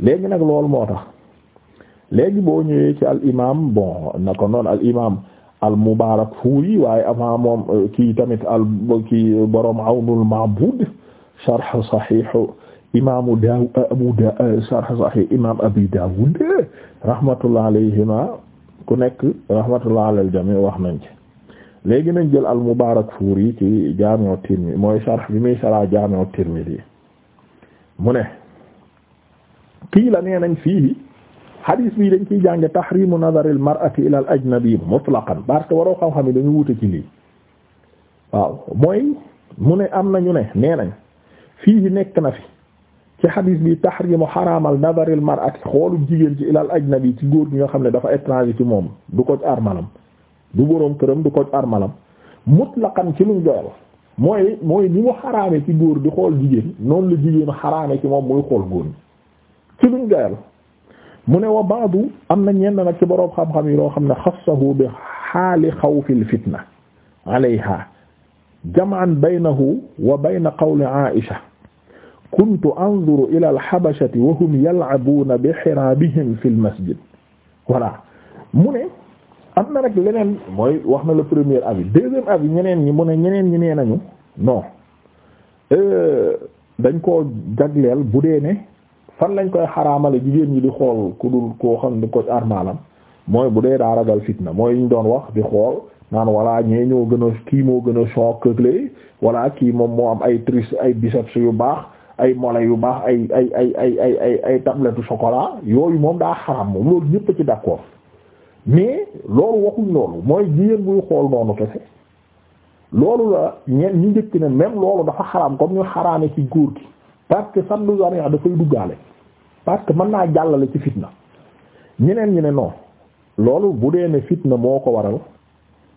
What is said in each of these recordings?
léegi nag loolu moo tax léegi boo ñëwee ci al bon na ko noonu al imaam al mubaarak fuuri waaye avant moom kii tamit al kii borom awnul ma'buud sharh sahih imaamu daaw abu da sharh sahih imaam abi daawud rahmatullah alayhima ku nekk rahmatullah alal jamii wax nañ ci léegi nañ jël al mubaarak fuuri ci jaami'u tirmidhi mooy sharh bi muy sharh jaami'u tirmidhi mu ne qiila nee nañ fii hadis bii dañ ciy jànge tahrimu nadaril mar'ati ila al ajnabi mutlaqan parce que waroo xam-xam yi dañu wute ci lii waaw mooy mu ne am nañu ne nee nañ fii nekk na fi ci hadis bi tahrimu xaramal nadaril mar'ati xoolu jigéen ci ila al ajnabi ci góor gi nga xam ne dafa étranger ci moom du ko armalam du boroom këram du ko armalam mutlaqan ci luñ doyal mooy mooy ni mu xaraame ci góor di xool jigéen noonu la jigéen xaraame ci moom muy xool góor ci luñ gayal mu ne wa baadu am na ñenn nag ci boroom xam-xam yi loo xam ne xassahu bi xaali xawfil fitna alayha jam'an baynahu wa bayna qawli Aisha kuntu anzuru ila al-habashati wa hum yal'abuuna bi hiraabihim fil masjid voilà mu ne am na rek leneen mooy wax na le premier avis deuxième avis ñeneen ñi mu ne ñeneen ñi nee nañu non euh, dañ koo jagleel bu dee ne fan lañ koy xaraamale jigéen ñi di xool ku dul koo xam ne ko armaalam mooy bu dee daa ragal fitna mooy ñu doon wax di xool naan walla ñee ñoo gën a kii moo gën a choqué walla kii moom moo am ay tris ay biceps yu baax ay mole yu baax ay ay ay ay ay ay ay tablette chocolat yooyu moom daa xaram moom loolu ñépp a ci d'accord mais loolu waxuñ loolu mooy jigéen buy xool noonu kese loolu la ñen ñu njëkk ne même loolu dafa xaram comme ñu xaraame ci góor gi. parce que sandu zaria dafay duggaale parce que mën naa jàllale ci fitna ñeneen ñi ne non loolu bu dee ne fitna moo ko waral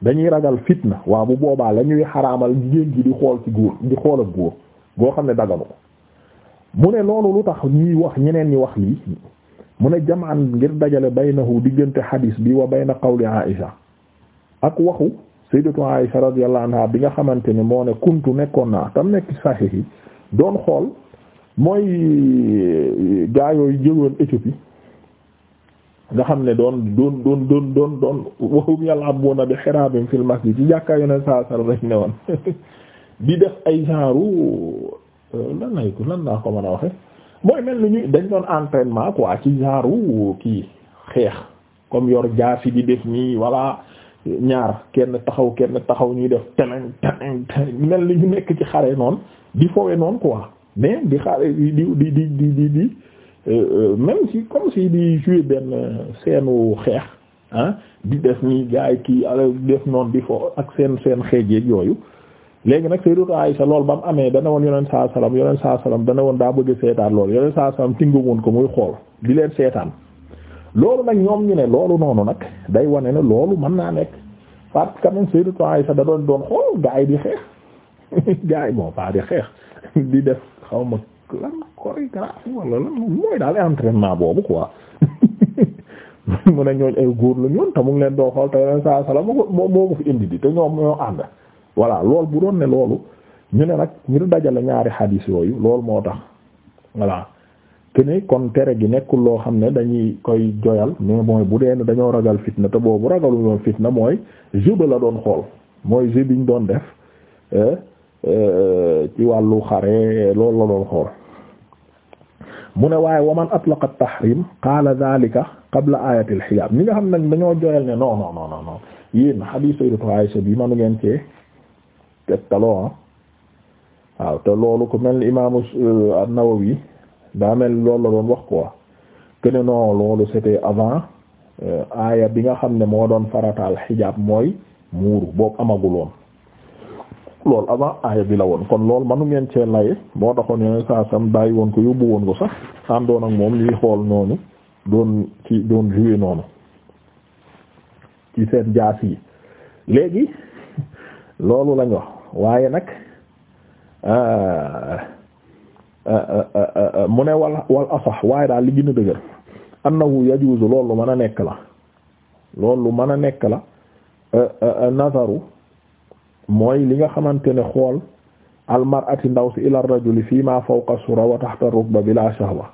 dañuy ragal fitna waa bu boobaa la ñuy xaraamal jigéen ji di xool ci góor di xool ak góor goo xam ne dagalu ko mu ne loolu lu tax ñuy wax ñeneen ñi wax lii mu ne jamaan ngir dajale baynahu diggante xadiis bi wa bayna qawli Aïsha ak waxu sayyidatu Aïsha radiyallahu anha bi nga xamante ni moo ne kuntu nekkoon naa tam nekk saxiix yi doon xool mooy gaa yooyu jógoon Éthiopie nga xam ne doon doon doon doon doon doon waxum yàlla am woon na bi xiraabim fil masjid ci jàkkaa ne woon di def ay genre euh, lan lan naa ko mën a waxe mooy mel ni ñuy dañ doon entraînement quoi ci genre kii xeex comme yor jaasi di def nii walla ñaar kenn taxaw kenn taxaw ñuy def teneng teneng teneng mel ni ñu nekk ci xare noonu di fowe noonu quoi mais di xaar di di di di di euh, euh, même si comme si di jouer benn seenu xeex ah di def ni gaay kii ala def noonu di fo ak seen seen xeej yeeg yooyu léegi nag Sayyidatu sa lool ba mu amee dana woon yoneen saa salaam yoneen saa salaam dana woon daa bëgg seetaan lool yoneen saa salaam tingu woon ko muy xool di leen seetaan loolu nag ñoom ngi ne loolu noonu nag day wane ne loolu mën naa nekk parce que même Sayyidatu Aisha da doon doon xool gaay di xeex gaay bon pas xaw ma lan chorégraphie wala lan mooy daal entraînement boobu quoi mu ne ñooñ ay góor la ñoon te mu ngi leen doo xool te leen saa sala moo ko moo ko fi indi di te ñoom ñoo ànd voilà loolu bu doon ne loolu ñu ne nag ñu dajale ñaari xadiis yooyu loolu moo tax voilà te ne kon tere gi nekkul loo xam ne dañuy koy joyal mais mooy bu dee dañoo ragal fitna te boobu ragalu ñoom fitna mooy jeu la doon xool mooy jeu biñ doon def eh, ci wàllu xare loolu la doon xool mu ne waaye waman atlaqa tahrim qaala dhalika qabla ayati al-hijab nga xam nag dañoo joyal ne non non non non yéen hadith sayyidatu Aisha bi manu ngeen cee teg taloo ah. waaw te loolu ku mel ni imaamu euh, nawawi daa mel loolu la doon wax quoi que ne non loolu c'était avant euh, aaya bi nga xam ne moo doon farataal xijaab mooy muuru boobu amaguloon lool avant aaya bi la woon kon loolu manu ngeen cee laye moo taxoon yeneen saa sam bàyyi woon ko yóbbu woon ko sax àndoon ak moom ñuy xool noonu doon ci doon jouer noonu ci seen jaas yi léegi loolu lañu wax waaye nag euh, euh, euh, mu ne wal wal asax waaye daal li gën a dëgër annahu yajuzu loolu lu mën a nekk la lool lu mën a nekk la nasaru mooy li nga xamante ne xool almarati ndaw si ila rajuli fii ma fawqa sura wa tahta rukba bila shahwa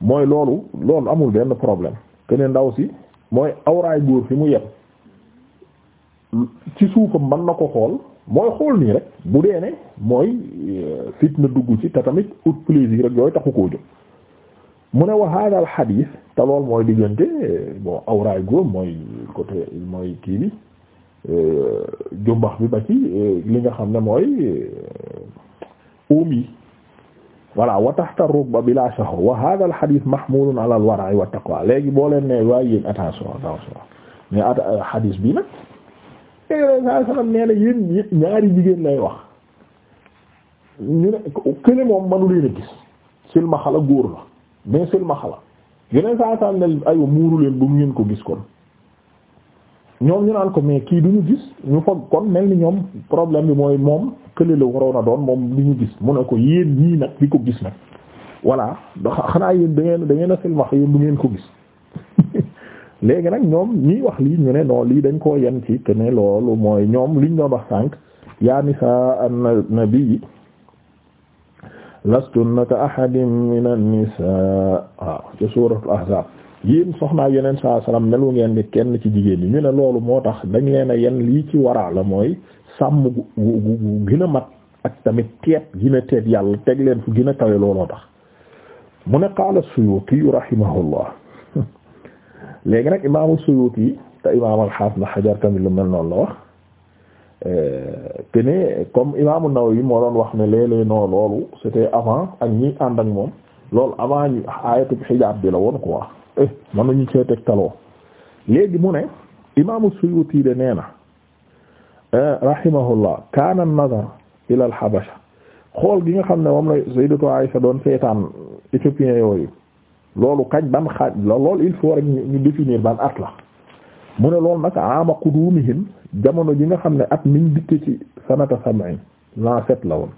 mooy loolu loolu amul benn problème que ndaw si mooy awraay góor fi mu yem ci suufam man na ko xool mooy xool nii rek bu dee ne mooy euh, fitna dugg ci te tamit ut plaisir rek yooyu taxu koo jóg mu ne wa hada al te lool mooy diggante euh, bon awraay góor mooy kii bi jumbax bi ba ci euh, li nga xam ne mooy euh, uum yi voilà wa tahta rukba bila shahwa wa hadha al hadith mahmulun ala al wara'i wa léegi boo leen ne waaye yéen attention attention mais at euh, hadith bi nag léegi nag sallam nee na yéen ñaari jigéen lay wax ñu ne kële moom manu leen a gis silmaxala góor la mais silmaxala yeneen saa sallam ne ayu muuru leen bu ngeen ko gis kon ñoom ñu naan ko mais kii du ñu gis ñu foog kon mel ni ñoom problème bi mooy moom kële la waroon a doon moom du ñu gis mu ne ko yéen ñii nag di ko gis nag voilà xanaa yéen da ngeen da ngeen a silmax yéen du ngeen ko gis léegi nag ñoom ñii wax lii ñu ne non lii dañ koo yen ci te ne loolu mooy ñoom liñ doon wax sànq yaa nisaa an-nabi lastunna ka ahadin min an-nisaa waaw ci suuratul ahzaab yéen soxnaa yeneen saa salaam melu ngeen ni kenn ci jigéen ñi ñu ne loolu moo tax dañ leen a yen lii ci waraala mooy sàmm gu gu gu gën mat ak tamit teet gën a teet yàlla teg leen fu gën a kawe looloo tax mu ne qaala Suyuti rahimahullah léegi nag imaamu Suyuti te imaam al-Hafiz na Hajar tamit lu mel noonu la wax te eh, ne comme naw yi moo doon wax ne léeg-léeg loolu c'était avant ak ñi ànd ak moom loolu avant ñu ayatul hijaab bi la eh mënuñu cee teg taloo léegi mu ne imaamu Suyuti de nee na eh, rahimahullah kaana an-nazar ila al-Habasha xool gi nga xam ne moom la Sayyidatu Aisha doon seetaan éthiopien yooyu loolu kañ ban xaaj la loolu il faut rek ñu définir ban at la mu ne loolu nag ama qudumihim jamono ji nga xam ne at miñ dikke ci sanata sab'in la set la woon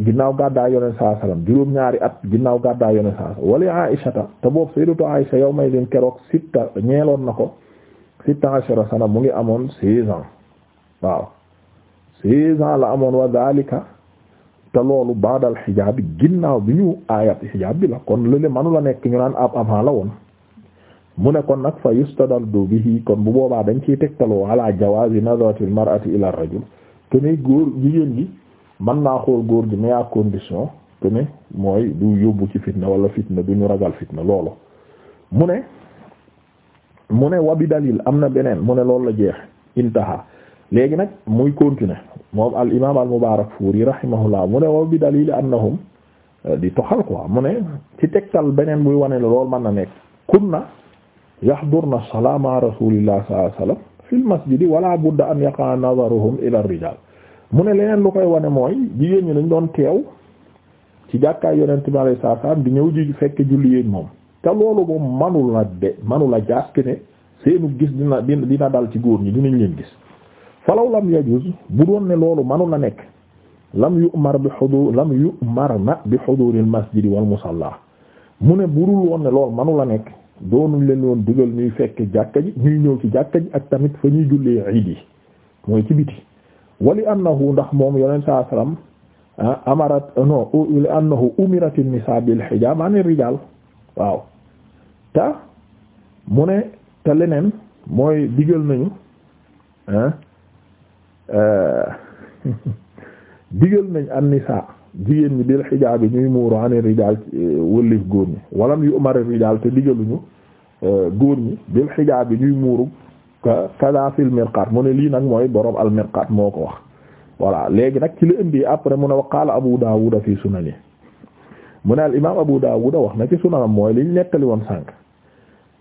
ginnaaw gàddaa yoneen saa salaam juróom-ñaari at ginnaaw gàddaa yoneen saa salaam wala Aïshata te boobu sayyidatu Aïsha yow may leen keroog sitta ñeeloon na ko sitta ashara sana mu ngi amoon seize ans waaw seize la amoon wa zalika te loolu baadal xijaab bi ginnaaw bi ñu aayat xijaab bi la kon lële manu la nekk ñu naan ab avant la woon mu ne kon nag fa yustadallu bihi kon bu boobaa dañ ci tegtaloo ala jawaazi nazaratil mar'ati ila rajul te ne góor jigéen gi. man naa xool góor gi mais à condition que ne mooy du yóbbu ci fitna wala fitna du ñu ragal fitna loolu mu ne mu ne wabi dalil am na beneen mu ne loolu la jeex intaha léegi nag muy continuer moom al imaam al Mubaarakfuuri rahimahullah mu ne wabi dalil annahum euh, di toxal quoi mu ne ci tegtal beneen buy wane la loolu mën na nekk kunna yahdurna salaa ma rasuulillah sallallahu alayhi wasallam fil masjidi wala budda an yaqa nadaruhum ila ar-rijaal mu ne leneen lu koy wane mooy jigéen ñi dañ doon teew ci jàkkaay yonent bi alayhi salaam di ñëw ji fekk julli yéen moom te loolu moom manul la de manula jaas ne seenu gis dina dina dal ci góor ñi dinañ leen gis falaw lam yajuz bu doon ne loolu manu la nekk lam yu'mar bi hudur lam yu'mar na bi huduril masjidi wal musalla mu ne burul woon ne loolu manu la nekk doonuñ leen woon dugal ñuy fekk jàkka ji ñuy ñëw ci jàkka ji ak tamit fa ñuy jullee iid yi mooy ci wali annahu ndax moom yonent saa salaam ah, amarat non li annahu umirat an-nisaa bil hijaab an rijaal waaw te mu ne te leneen mooy digal nañu ah, eh, digal nañ an-nisaa jigéen ñi bil hijaab yi ñuy muuru an ar-rijaal eh, wëllif góor ñi walam yu umar ar-rijaal te digaluñu eh, góor ñi bil hijaab yi ñuy muuru kaza fil mirqaat mu ne lii nag mooy borom al mirqaat moo ko wax voilà léegi nag ci la indi après mu ne wa qaala Abu Daawuda fi sunani mu ne al imaam Abu Daawuda wax na ci sunanam mooy liñ nettali woon sànq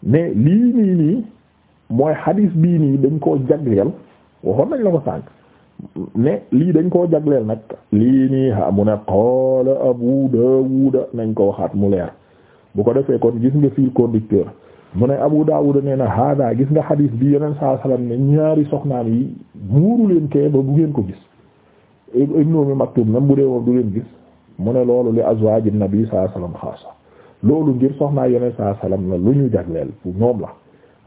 mais lii nii nii mooy hadis bii nii dañ koo jagleel waxoon nañ la ko sànq mais lii dañ koo jagleel nag lii nii a mu ne qaala Abu Daawuda nañ ko waxaat mu leer bu ko defee kon gis nga fil conducteur mu ne Abu Dawud nee na hada gis nga xadiis bi yeneen saa salaam ne ñaari soxnaam yi muuru leen kee ba bu ngeen ko gis Ibnu Ummi Maktum dee woon du leen gis mu ne loolu li azwaaji nabi saa salaam xaasa loolu ngir soxnaa yeneen saa salaam la lu ñu jagleel pour ñoom la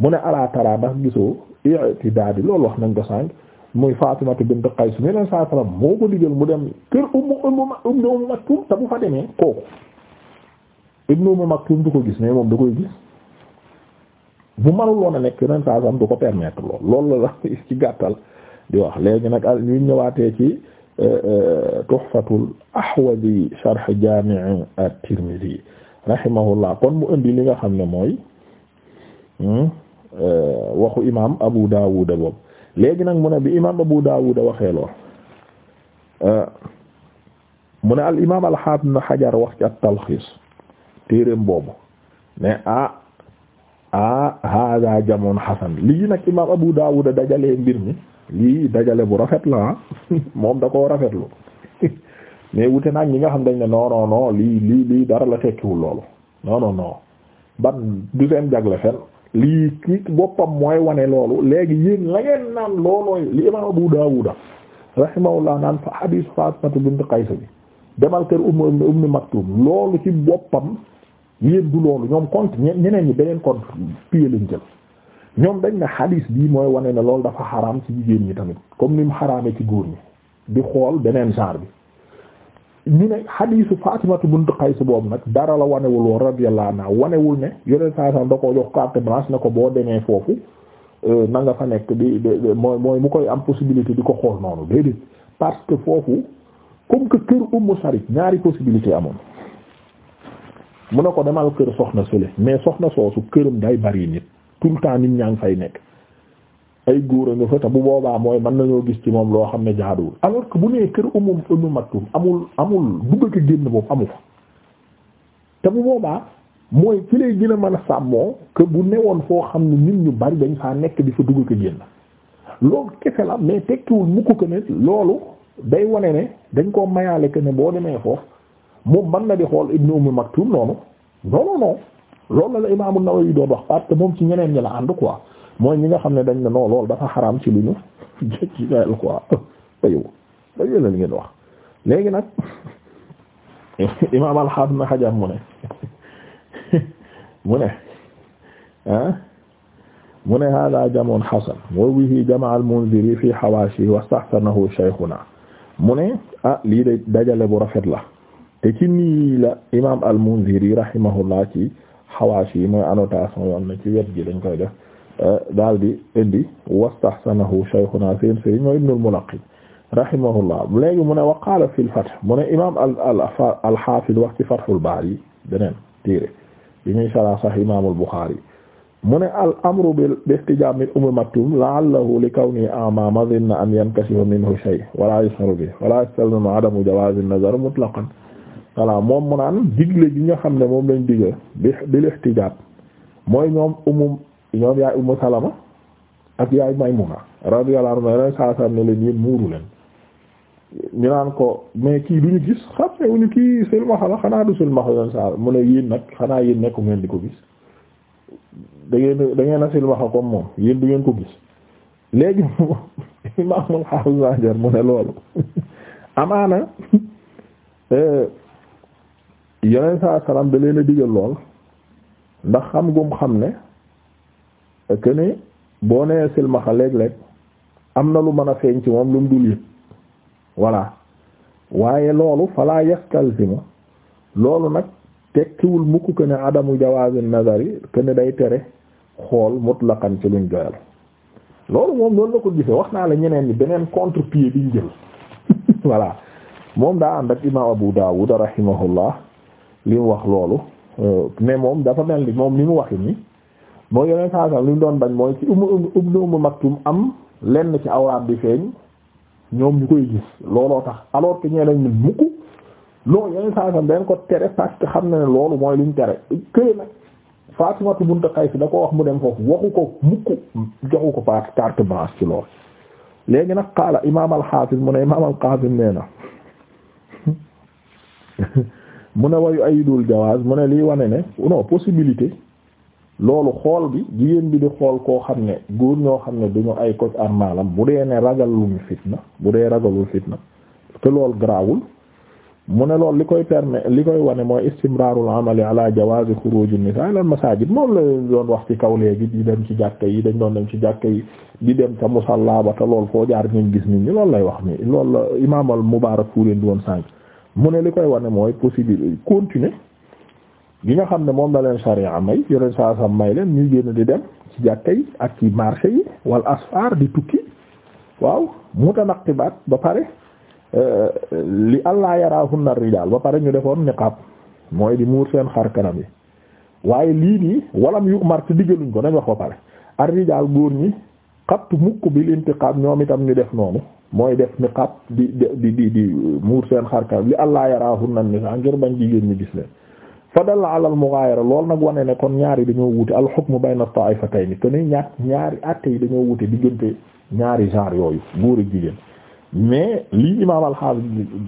mu ne ala tara ndax gisoo i'tidaadi loolu wax nañ ko sànq muy Faatimatu bint Qays yeneen saa salaam moo ko digal mu dem kër Ummu Ummu Maktum te bu fa demee kooku Ibnu Ummi Maktum du ko gis mais moom da koy gis. bu manul woon a nekk yonent saa sam du ko permettre loolu loolu la ci gàttal di wax léegi nag al ñu ñëwaatee ci euh, euh, tuhfatul ahwazi sharh jami' at yi rahimahullah kon mu indi li nga xam ne mooy hmm, euh, waxu imam abu dawud boobu léegi nag mu ne bi imam abu dawud waxee lool mu ne al imam al-hafiz ibn hajar wax ci at-talkhis téereem boobu mais ah ah hada jamoon li lii nag imam Abu Dawud dajale mbir mi lii dajale bu rafet la moom da koo rafetlu mais wute nag ñi nga xam dañ ne non non non lii lii lii dara la tekkiwul loolu non non non ban du seen jagle fen lii kii boppam mooy wane loolu léegi yéen la ngeen naan loolooy li imam Abu Dawud rahimahullah naan fa hadith Fatima bint Qays bi demal kër Umm Umm Maktum loolu ci boppam yéen du loolu ñoom compte ñeneen ñi beneen compte pied lañ jël ñoom dañ ne xadiis bii mooy wane ne loolu dafa xaraam ci jigéen ñi tamit comme ni mu xaraame ci góor ñi di xool beneen genre bi ñu ne xadiisu Faatimatu bint si boobu nag dara la wanewul woon radiyallahu anha wanewul ne yoneen saa san da ko jox carte blanche ne ko boo demee foofu euh, na nga fa nekk di mooy mooy mu koy am possibilité di ko xool noonu déedéet parce que foofu comme que kër Ummu Sharik ñaari amoon mu ne ko demal kër soxna sële mais soxna soosu këram day bari nit tout le temps nit ñaa ngi fay nekk ay góor a nga fa te bu boobaa mooy mën nañoo gis ci moom loo xam ne jaaduwul alors bu nee kër umum ummu maktum amul amul dugg ak génn boobu amu boobaa mooy ci lay gën a mën a sàmmoo que bu newoon foo xam ne nit ñu bari dañ faa nekk di fa dugg ak génn loolu kese la mais tekkiwul mukk ko ne loolu day wane ne dañ koo mayaale que ne boo demee foofu. moom mën na di xool ibnu Umm Maktum noonu lool non non loolu la Imaam An-Nawawi doon wax parce que moom ci ñeneen ñi la ànd quoi mooy ñi nga xam ne dañ ne non loolu dafa xaraam ci lu ñu ci daal quoi aywa aywa la ngeen wax léegi nag Imaam al-Hasan na Hajar mu ne mu ne ah mu ne hada jamun hasan wa bihi jamaa al-Munziri fi hawashi wa istahsanahu shaykhuna mu ne ah lii de dajale bu rafet la. te ci nii la imaam al-Munziri rahimahullah ci xawaas yi mooy annotation yoon na ci wet gi dañ koy def euh, daal di indi wastahsanahu shaykhuna seen sëriñ mooy Ibnul Mulaqqi rahimahullah léegi mu ne wa qaala fil fath mu ne imaam al al al-Haafiz wax ci Fathul Baari beneen téere bi ñuy sara sax imaamul Buxaari mu ne al amru bi istijaab min Ummi Maktum la'allahu li kawni a'maa madinna an yankashifa minhu shay' wa laa yash'uru bihi wa laa yastalzimu adamu jawaazi an-nazar mutlaqan voilà moom mu naan digle gi nga xam ne moom lañ di bi bil ihtijaab mooy ñoom umum ñoom yaay umu salama ak yaay maymuna radiyallahu anha ren saa saa ne leen yéen muuru leen ñu naan ko mais kii du ñu gis xam ne wuñu kii silmaxa la xanaa du silmaxa ren saa mu ne yéen nag xanaa yéen nekku ngeen di ko gis da ngeen da ngeen a silmaxa comme moom yéen du ngeen ko gis léegi imaamul xaafis mu ne loolu amaana. Euh, yoneen saa salaam da leen a digal lool ndax xam gum xam ne que boo nee silmaxa léeg-léeg am na lu mën a feeñ ci moom lu mu dul yëpp voilà waaye loolu falaa yastalzima loolu nag tekkiwul mukk que ne adamu jawaazi nazari que day tere xool mutlaqan ci luñ doyal loolu moom loolu la ko gisee wax naa la ñeneen ñi beneen contre-pied biñ jël voilà moom daa ànd ak imaam Abu Dawud rahimahullah li wax loolu euh, mais moom dafa mel ni moom li mu waxi ni moo yeneen saa saa li doon bañ mooy ci umu umu umu umu am lenn ci awraat bi feeñ ñoom ñu koy gis looloo tax alors que ñee lañ nit mukk loolu yeneen saa saa ko tere parce xam na ne loolu mooy luñ tere këre nag Faatimatu bint Qays da ko wax mu dem foofu waxu ko mukk joxu ko paat carte blanche ci loolu léegi nag qaala imaam al-Hafiz mu ne imaam al nee na mu ne wayu ayidul jawaaz mu ne lii wane ne non possibilité loolu xool bi jigéen bi di xool koo xam ne góor ñoo xam ne duñu ay koc armalam bu dee ne ragaluñu fitna bu dee ragalul fitna te loolu garaawul mu ne lool li koy permet li koy wane mooy istimraarul amali ala jawaaz xuruujin ma saa masaajid moom la doon wax ci kaw léegi di dem ci jàkka yi dañ doon dem ci jàkka yi di dem ca musalla ba te lool foo jaar ñu gis nit ñi loolu lay wax nii loolu la imaamal Mubaarak fuureen di woon sànq. mu ne li koy wane mooy possible continuer gi nga xam ne moom la leen sharia may yore saa sam may leen ñuy génn di dem ci jàkka yi ak ci marché yi wala asfar di tukki waaw mutanaqibaat ba pare euh, li allah yarahunna rijaal ba pare ñu defoon niqaab mooy di muur seen xar kanam yi waaye lii nii walam yu mart diggaluñ ko dañ wax ba pare ar rijaal góor ñi xattu mukk bil intiqaab ñoom itam ñu def noonu mooy def niqab di di di di muur seen xarkaw li allah yarahunna nisa ngir bañ jigéen ñi gis leen fa la ala al mughayara lool nag wane ne kon ñaari dañoo wute al hukm bayna ta'ifatayn te ni ñaar ñaari atte yi dañoo wute diggante ñaari genre yooyu góor ak jigéen mais lii imaam al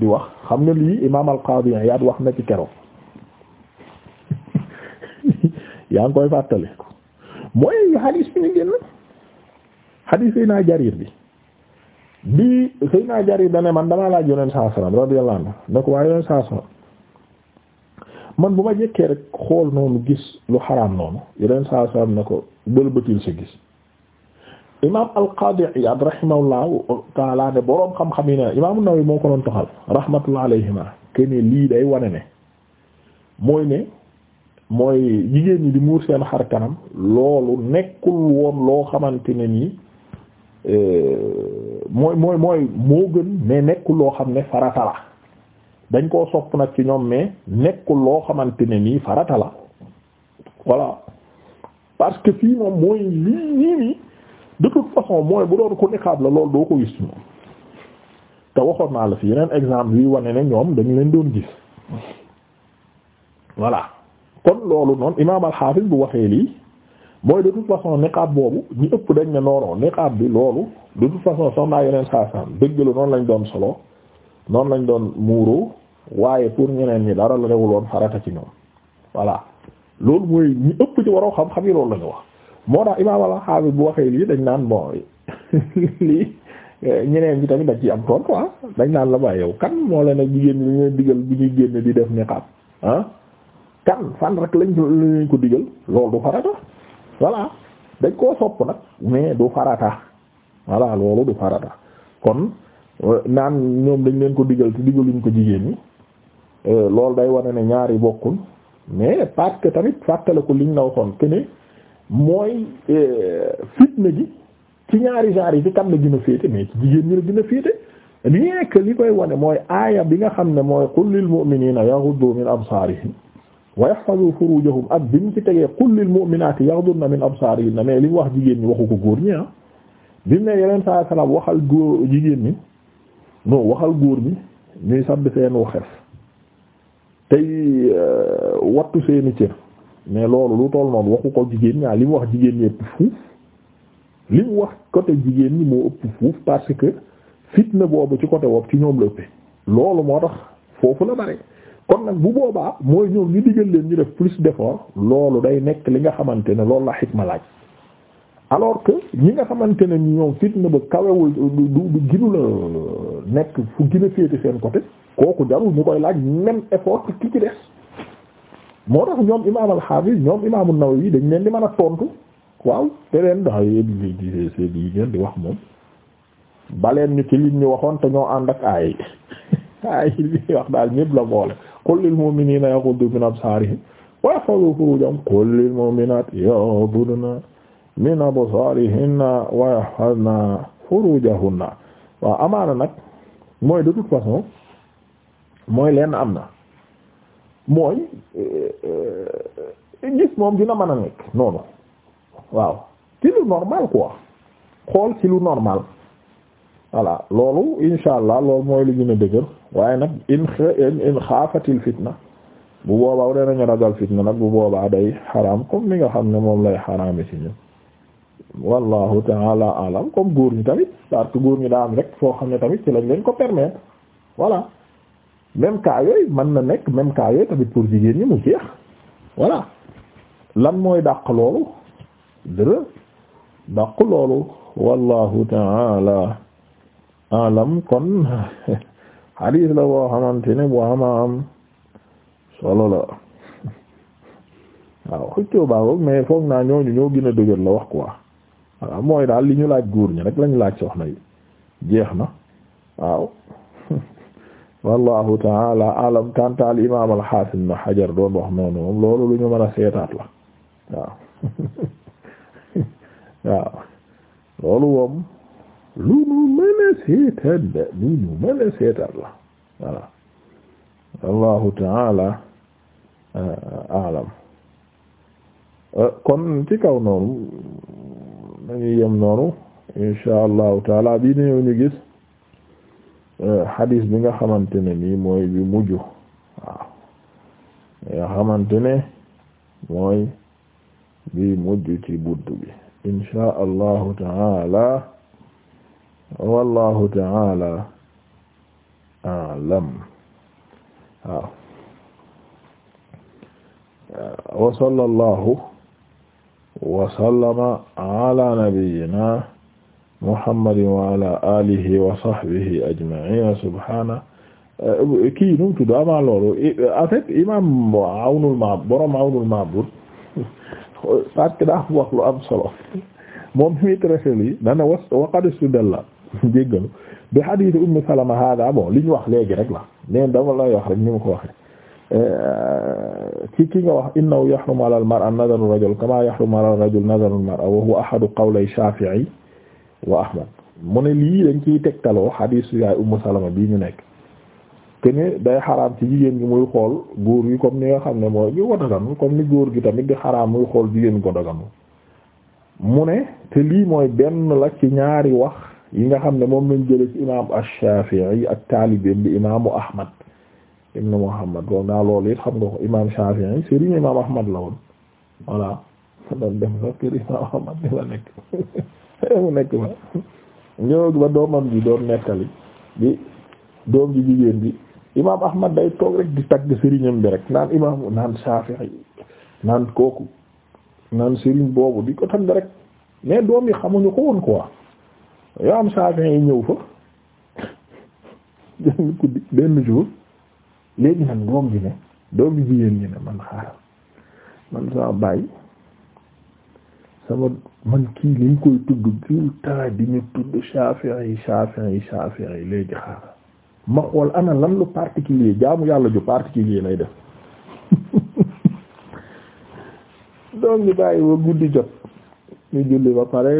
di wax xam nga lii imaam al qaadi wax na ci keroog yaa ngi koy fàttali mooy xadiis bi ñu génn xadiis yi naa Jariir bi bi Seydina Jarir dane man damaa laaj yoneen saa salaam radiyallahu anhu ne ko waaye yoneen saa salaam man bu ma njëkkee rek xool noonu gis lu xaraam noonu yoneen saa salaam ne ko bëlbatil sa gis imaam al-Qaadi Iyaad rahimahullahu taala ne boroom xam-xam yi ne imaam An-Nawawi moo ko doon toxal rahmatullah alayhima kene lii day wane ne mooy ne mooy jigéen ñi di muur seen xar kanam loolu nekkul woon loo xamante ne nii Euh, mooy mooy mooy moo gën mais nekkul loo xam ne farata la dañ koo sopp nag ci ñoom mais nekkul loo xamante ne nii farata la parce que fii moom mooy lii nii nii de toute façon mooy bu doon ko la loolu doo ko gis moom te waxoon naa la fi yeneen exemple yi wane ne ñoom dañu leen doon gis voilà kon loolu noonu imaam al-Hafiz bu waxee lii mooy de toute façon niqaab boobu ñu ëpp dañ ne noonu niqaab bi loolu de toute façon soxnaa yeneen saa saam dëgg la noonu lañ doon solo noonu lañ doon muuroo waaye pour ñeneen ñi dara la rewuloon farata ci ñoom voilà loolu mooy ñu ëpp ci waroo xam-xam yi loolu la wax moo tax imaam al-Hafiz bu waxee lii dañ naan bon lii eh, ñeneen ñi tamit dañ ci am tool quoi ah, dañ naan la waaye yow kan moo leen ak jigéen ñi dañu digal bi ñuy génn di def niqaab ah kan fan rek lañ ko ko digal loolu voilà dañ koo sopp nag mais du farata voilà loolu du farata kon euh, naan ñoom dañ leen ko digal te digaluñ ko jigéen ñi euh, loolu day wane ne ñaari bokkul mais parce tamit fàttale ko liñ la waxoon que mooy euh, fitna gi ci ñaari genre yi ci kan la gën a féete mais jigéen ñi la gën féete rien li koy wane mooy aaya bi nga xam ne mooy qul lil mu'minina yaghuddu min absarihim wa yahfazu furujahum ak bi mu ci tegee qul lil mu'minati yaghdudna min absarihinna mais li mu wax jigéen ñi waxu ko góor ñi ah bi mu ne yeneen saa waxal góor jigéen ñi non waxal góor ñi ñuy sàmm seenu xef tey euh, wattu seeni cër mais loolu lu toll noonu waxu ko jigéen ñaa li mu wax jigéen ñi ëpp fuuf li mu wax côté jigéen ñi moo ëpp fuuf parce que fitna boobu ci côté wopp ci ñoom la ëppee loolu moo tax foofu la bare. kon nag bu boobaa mooy ñëw ñu digal leen ñu def plus d'effort loolu day nekk li nga xamante ne loolu la xikma laaj alors que ñi nga xamante ne ñoom fitna ba kawewul du ginu la nekk fu gën féete seen côté kooku jarul ñu koy laaj même effort ki ci des moo tax ñoom imaam al-Hafiz ñoom imaam an-Nawawi dañ leen di man a tontu waaw te leen daa yéen seen yi ngeen di wax moom baleen ñu ci liñ ñu waxoon te ñoo ànd ak aay aay li wax daal ñëpp la boole qul lil mu'minina yaghuddu min absarihim wa yahfazu furujahum qul lil mu'minati yaghudduna min absarihinna wa yahfazna furujahunna waaw amaana nag mooy de toute façon mooy lenn am na mooy euh, gis moom dina mën a nekk noonu waaw ci lu normal xool ci lu normal loolu insha allah loolu mooy lu gën a waaye nag in in fitna bu boobaa wala nañu ragal fitna nag bu boobaa day xaraam comme mi nga xam ne moom lay xaraame ci ñun wallahu taala alam comme góor ñi tamit parce que góor ñi daa rek foo xam ne tamit ci lañ leen ko permettre voilà même cas yooyu na nekk même cas yooyu tamit pour jigéen ñi mu jeex voilà lan mooy dàq loolu dërë loolu wallahu taala alam kon hadis la boo xamante ne bu solo la waaw xëccoo baaxul mais foog naa ñooñu ñoo gën a dëgër la wax quoi waaw mooy daal li ñu laaj góor ñi rek lañu laaj soxna yi jeex na waaw wallahu taala alam kanta al imam al hafiz ibn hajar doon wax noonu loolu lu ñu mën a seetaat la waaw waaw loolu moom lu nu mën a seetaan de lu nu mën a la voilà allahu taala euh, alam euh, kon ci kaw noonu nañu yem noonu insha allahu taala bi ñëw ñu gis euh, hadis bi nga xamante ne nii mooy bi mujj waaw nga xamante ne mooy bi mujj ci budd bi insha allahu taala wallahu taala alam waaw wa sallallahu wa sallama ala nabiyyina muhammadin wa ala alihi wa sahbihi ajma'ina subhana kii nu mu tudd avant loolu en fait imam awnul ma'bud borom awnul ma'bud parce que daa wax lu am solo moom mi traité li dana was waqad istadalla jéggalu bi hadith Umm Salama hada bon li ñu wax léegi rek la mais dama lay wax rek ni ma ko waxee ci ki nga wax innahu yahrumu ala al-mar'a nadaru rajul kama yahrumu ala ar-rajul mara wa huwa ahadu qawlay Shafi'i wa Ahmad mu ne lii dañ kiy tegtaloo hadith yaay Umm Salama bii ñu nekk te day xaraam ci jigéen gi muy xool góor gi comme ni nga xam ne mooy gi ko daganul comme ni góor gi tamit di xaraam muy xool jigéen gi ko daganul mu ne te lii mooy benn la ci ñaari wax yi nga xam ne moom lañ jële ci imaamu ak taalibeem bi imaamu Ahmad ibn Muhammad boobu xam nga ko imaam Shafi'i sëriñ imaam Ahmad la woon voilà doom ji jigéen bi imaam Ahmad di tagg sëriñam bi naan imaam naan Shafi'i naan kooku naan sëriñ boobu di ko tagg rek mais doom yi xamuñu ko woon quoi yaa am Shafi'i yi ñëw fa benn guddi benn jour léegi nag doom bi ne doom bi ne man xaaral man sama bàyyi sama man kii liñ koy tudd tout temps di ñu tudd Shafi'i yi Shafi'i yi Shafi'i yi léegi xaaral ma xool ana lan lu particulier jaamu yàlla ju particulier lay def doom bi bàyyi ba guddi jot ñu julli ba pare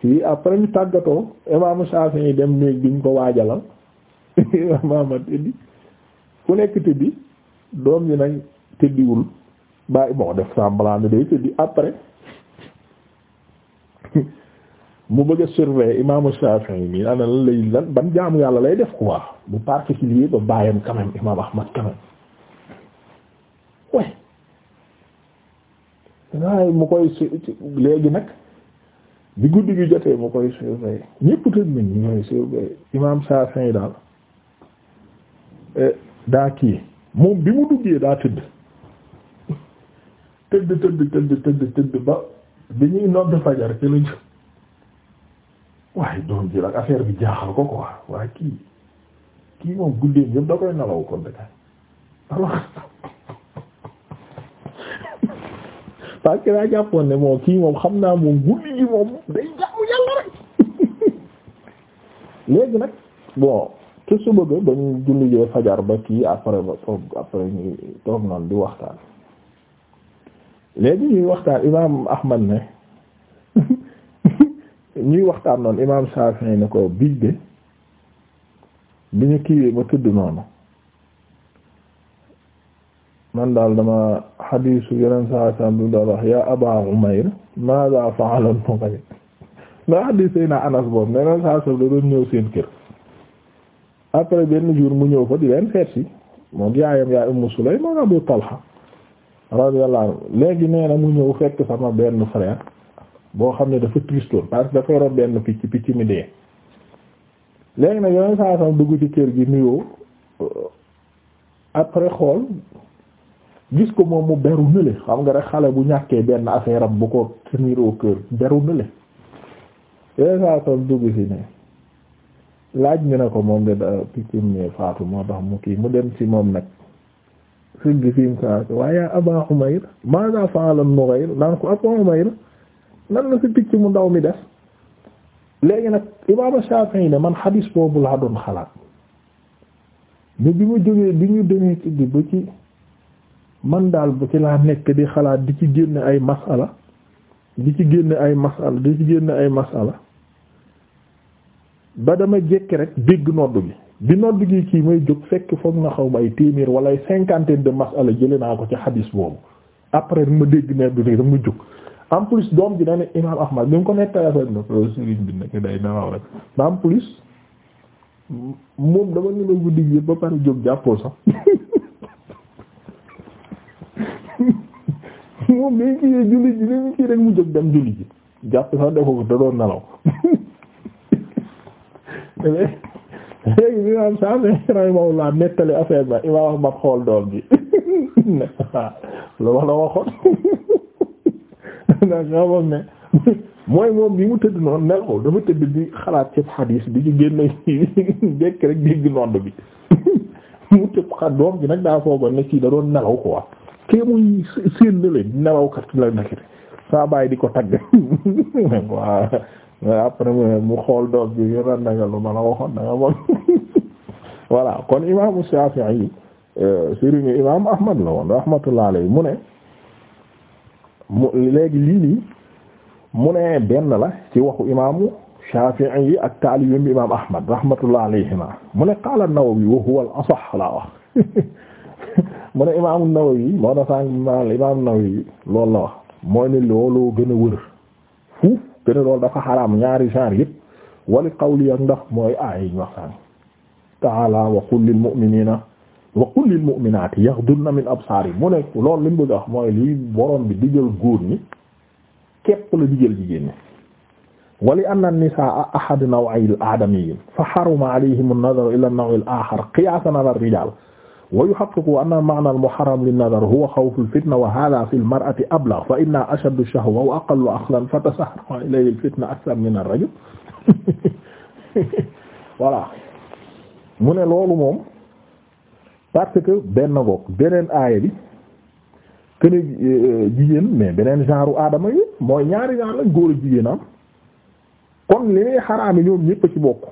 fii après ñu tàggatoo imaamu Shafi'i yi dem néeg bi ñu ko waajalal a ah. tëddi ku nekk tëddi doom yi nag tëddiwul bàyyi moo def semblant day tëddi après mu bëgg a surveiller imaamu Shafi'i mi ana lan lay lan ban jaamu yàlla lay def quoi bu particulier ba bàyyam quand mu koy léegi nag bi guddi gi jotee mu koy surveiller ñépp tëdd nañ ñu koy surveiller imaam Shafi'i daal eh, daa kii moom bi mu duggee daa tëdd tëdd tëdd tëdd tëdd tëdd ba bi ñuy nodd fajar ci jot waaye doom ji nag affaire bi jaaxal ko quoi waaye kii kii moom guddee yëpp da koy nalaw ko ndekay parce que daa jàppoon ne moom kii moom xam naa moom guddi gi moom day jaamu yàlla rek léegi nag bon te su bëgg ba ñu jullijee fajar ba kii après ba toog après ñu toog noonu di waxtaan léegi ñuy waxtaan imaam Ahmad ne ñuy waxtaan noonu imaam Shafi'i ne ko biig de bi ñu kiiwee ma tudd noonu man daal dama xadiisu yeneen saa saam lu daal wax yaa Aba Umayr maada fa'ala Numayr ndax xadiis yi naa Anas boobu yeneen saa saam da doon ñëw seen kër après benn jour mu ñëw fa di leen seet si moom yaayam yaa Ummu Sulaym moom Abu Talha radiyallahu anhu léegi nee mu ñëw fekk sama benn frère boo xam ne dafa tristoon parce que dafa yoroon benn picc picc mi dee léegi nag yeneen saa saam dugg ci kër gi nuyoo euh, après xool gis ko moom mu beru nële xam nga rek xale bu ñàkkee benn affaire am bu ko tenir au cœur beru nële yooyu saa soon dugg si ne laaj ñu ne ko moom de da- piccum ne faatu moo tax mu kii mu dem ci moom nag siggi fiim saa ko waaye Aba Umayr maaga fa'ala Nughayr naan ko Aba Umayr nan la si picc mu ndaw mi def léegi nag Imaam Shafi'i ne man xadiis boobu laa doon xalaat mais bi mu jógee bi ñu demee ci bi ci man daal bu ci laa nekk di xalaat di ci génn ay masala di ci génn ay masala di ci génn ay masala ba dama jékki rek dégg nodd bi bi nodd gi kii may jóg fekk foog na xaw ma ay téeméer wala ay cinquantaine de masala jële naa ko ci xadiis boobu après ma dégg nodd bi dama jóg en plus doom ji dane imam ahmad bi mu ko nettali affaire bi ko sëriñ bi nekk day nelaw rek ba en plus moom dama nelaw guddi gi ba pare jóg jàppoo sax moom day kii julli ji li ñu kii rek mu jóg dem julli ji jàpp sax defu ko da doon nelaw léegi bi affaire ba xool doom bi lu ma moom ne mu tëdd noonu nelawul dafa tëdd di xalaat ci doom bi nag daa foogoon ne ci kee muy séen na leen nelawkat la nakite saa bàyyi di ko tagg waaw après mu xool doom bi yoran na nga lu ma la waxoon da nga moom voilà kon imaamu Shafi'i euh, sëriñu imaamu Ahmad la woon rahmatullah alayhi mu ne mu léegi lii nii mu ne benn la ci waxu imaamu Shafi'i yi ak taalibeem bi imaamu Ahmad rahmatullah alayhima mu ne qaala nawawi wa huwa al laa wax mu ne Imaam An-Nawawi moo tax sànq Imaam An-Nawawi loolu la wax mooy ne looloo gën a wër fuuf gën a loolu dafa xaraam ñaari genre yëpp wali qawli ak ndax mooy aay ñu wax sànq ta'ala wa qul lil mu'minina wa qul lil mu'minati yaghdudna min absarihim mu ne loolu li mu bëgg a wax mooy lii borom bi digal góor ñi képp la digal jigéen ñi wali anna an-nisaa ahad naw'il aadamiyyin fa haruma alayhim an-nazaru ila an-naw'il akhar qiyasan ala ar-rijal wa yuhaqqiqu anna ma'na al-muharram lin-nazar huwa khawfu al-fitna wa hadha fi al-mar'ati fa inna ashaddu shahwa wa aqallu aqlan fa tasahharu ilayhi fitna akthar min ar-rajul mu ne loolu moom parce que benn goog beneen aaya bi kene euh, jigéen mais beneen genre aadama yi mooy ñaari genre lañ góor a jigéen am kon li xaraami ñoom ñépp a ci bokk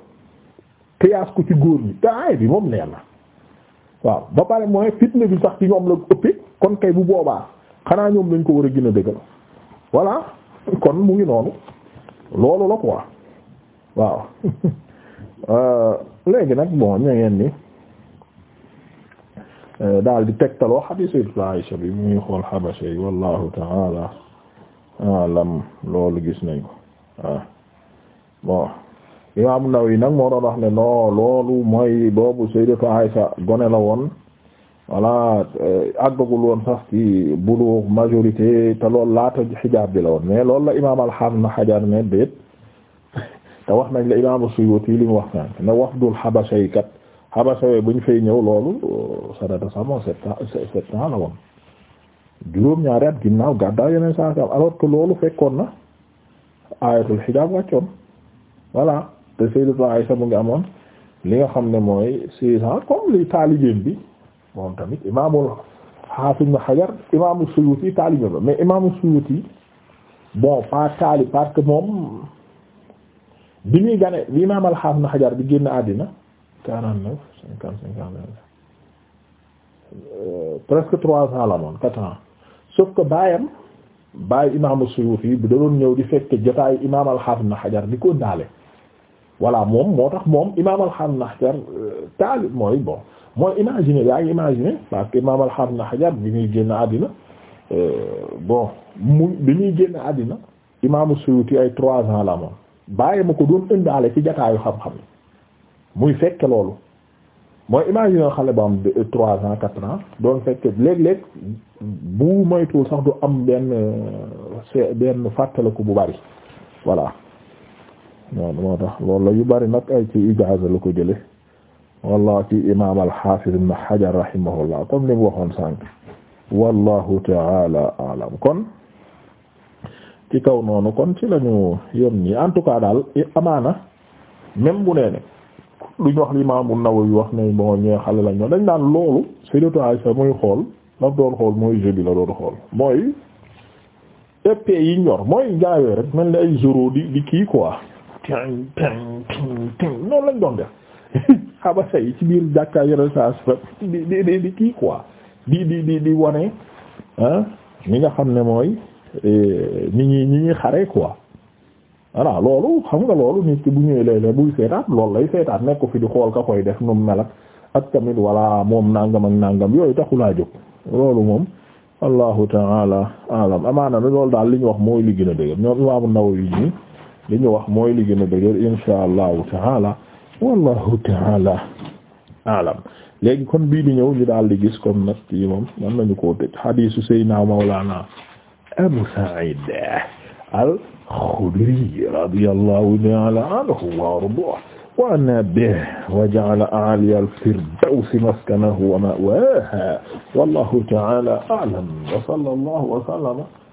qiyaas ko ci góor ñi te aaya bi moom leer na waaw ba pare mooy fitna bi sax ci ñoom la ëppee kon kay bu boobaa xanaa ñoom lañ ko war a gën a dëggal voilà kon mu ngi noonu loolu la quoi waaw euh, léegi nag bon ña ngeen ni euh, daal di tegtaloo xadiisu Aysa bi muy xool xabasa yi wallahu taala alam loolu gis nañ ko waaw bon Imaam Nawawi nag moo doon wax ne non loolu mooy boobu Sayyidatu Aisha gone la woon voilà euh, àggagul woon sax ci buluux majorité te loolu laata xijaab bi la woon mais lool la Imaam al na Hajar ne déet te wax nañ la Imaam Suyuti li mu wax sànq ne wafdul Habasha yi kat Habasha yooyu bu ñu fay ñëw loolu euh, sanata sama sept ans la woon juróom-ñaari at ginnaaw gàddaay yeneen saa alors que loolu fekkoon na ayatul xijaab wàccoon voilà. te Sayyidatu Aisha mu ngi amoon li nga xam ne mooy seize ans comme li taalibeen bi moom tamit imaamul Hafiz Ibn Hajar imaamul Suyuti taalibeen ba mais imaamul Suyuti bon pas taalib parce que moom bi muy gane bi imaam al Hafiz Ibn bi génn àddina quarante neuf cinquante euh, presque trois la moom quatre ans sauf que baayam baay imaamu Suyuti bi da ñëw di fekk jotaayu imaam al Hafiz Ibn di ko daale voilà moom moo tax moom imaam al-Hafiz Ibn Hajar euh, taalib mooy bon mooy imaginer yaa ngi imaginer parce que imaam al bi muy génn àddina euh, bon mu bi muy génn àddina imaamu Suyuti ay trois ans la moom bàyyi ma ko doon ëndaale ci jataayu xam-xam yi muy fekke loolu mooy imaginer xale ba am trois ans quatre ans doon fekke léeg-léeg bu moytuwul sax du am benn euh, benn ko bu bari voilà waaw moo tax loolu la yu bari nag ay ci ijaaza la ko jële wallah ci imaam al-Hafiz ibn Hajar rahimahullah comme li mu waxoon sànq wallahu taala alam kon ci kaw noonu kon ci lañu yem nii en tout cas daal amaana même bu nee ne duñ wax li imaam an-Nawawi wax ne moo ñee xale lañ dañ daan loolu Sayyidatu Aisha muy xool daf doon xool mooy jeu bi la doon xool mooy épée yi ñor mooy jaayoo rek mel ni ay zéro di di kii quoi tin tin tin tin noonu lañ doon def xabasa yi ci biir jàkkaay yore saa sa di di di kii quoi di di di di wane ah mi nga xam ne mooy eh, ni ñi ñi ñuy xare quoi voilà loolu xam nga loolu nit ki bu ñëwee léeg-léeg buy seetaat loolu lay seetaat nekk fi di xool ka koy def nu mu ak tamit walla moom nangam ak nangam yooyu taxulaa jóg loolu moom allahu taala alam amaana loolu daal li ñu wax mooy li gën a dëgër ñoom imaamu Nawawi ñi li ñu wax mooy li gën a dëgër insha allahu taala wallahu taala alam léegi kon bii di ñëw ñu daal di gis comme nag yi moom man nañu koo tëj hadisu sayna mawlana abu sa'id al khudri radiyallahu ta'ala anhu wa ardah wa anna bihi wa ja'ala a'la al firdaws maskanahu wa ma'waha wallahu ta'ala a'lam wa sallallahu wa sallama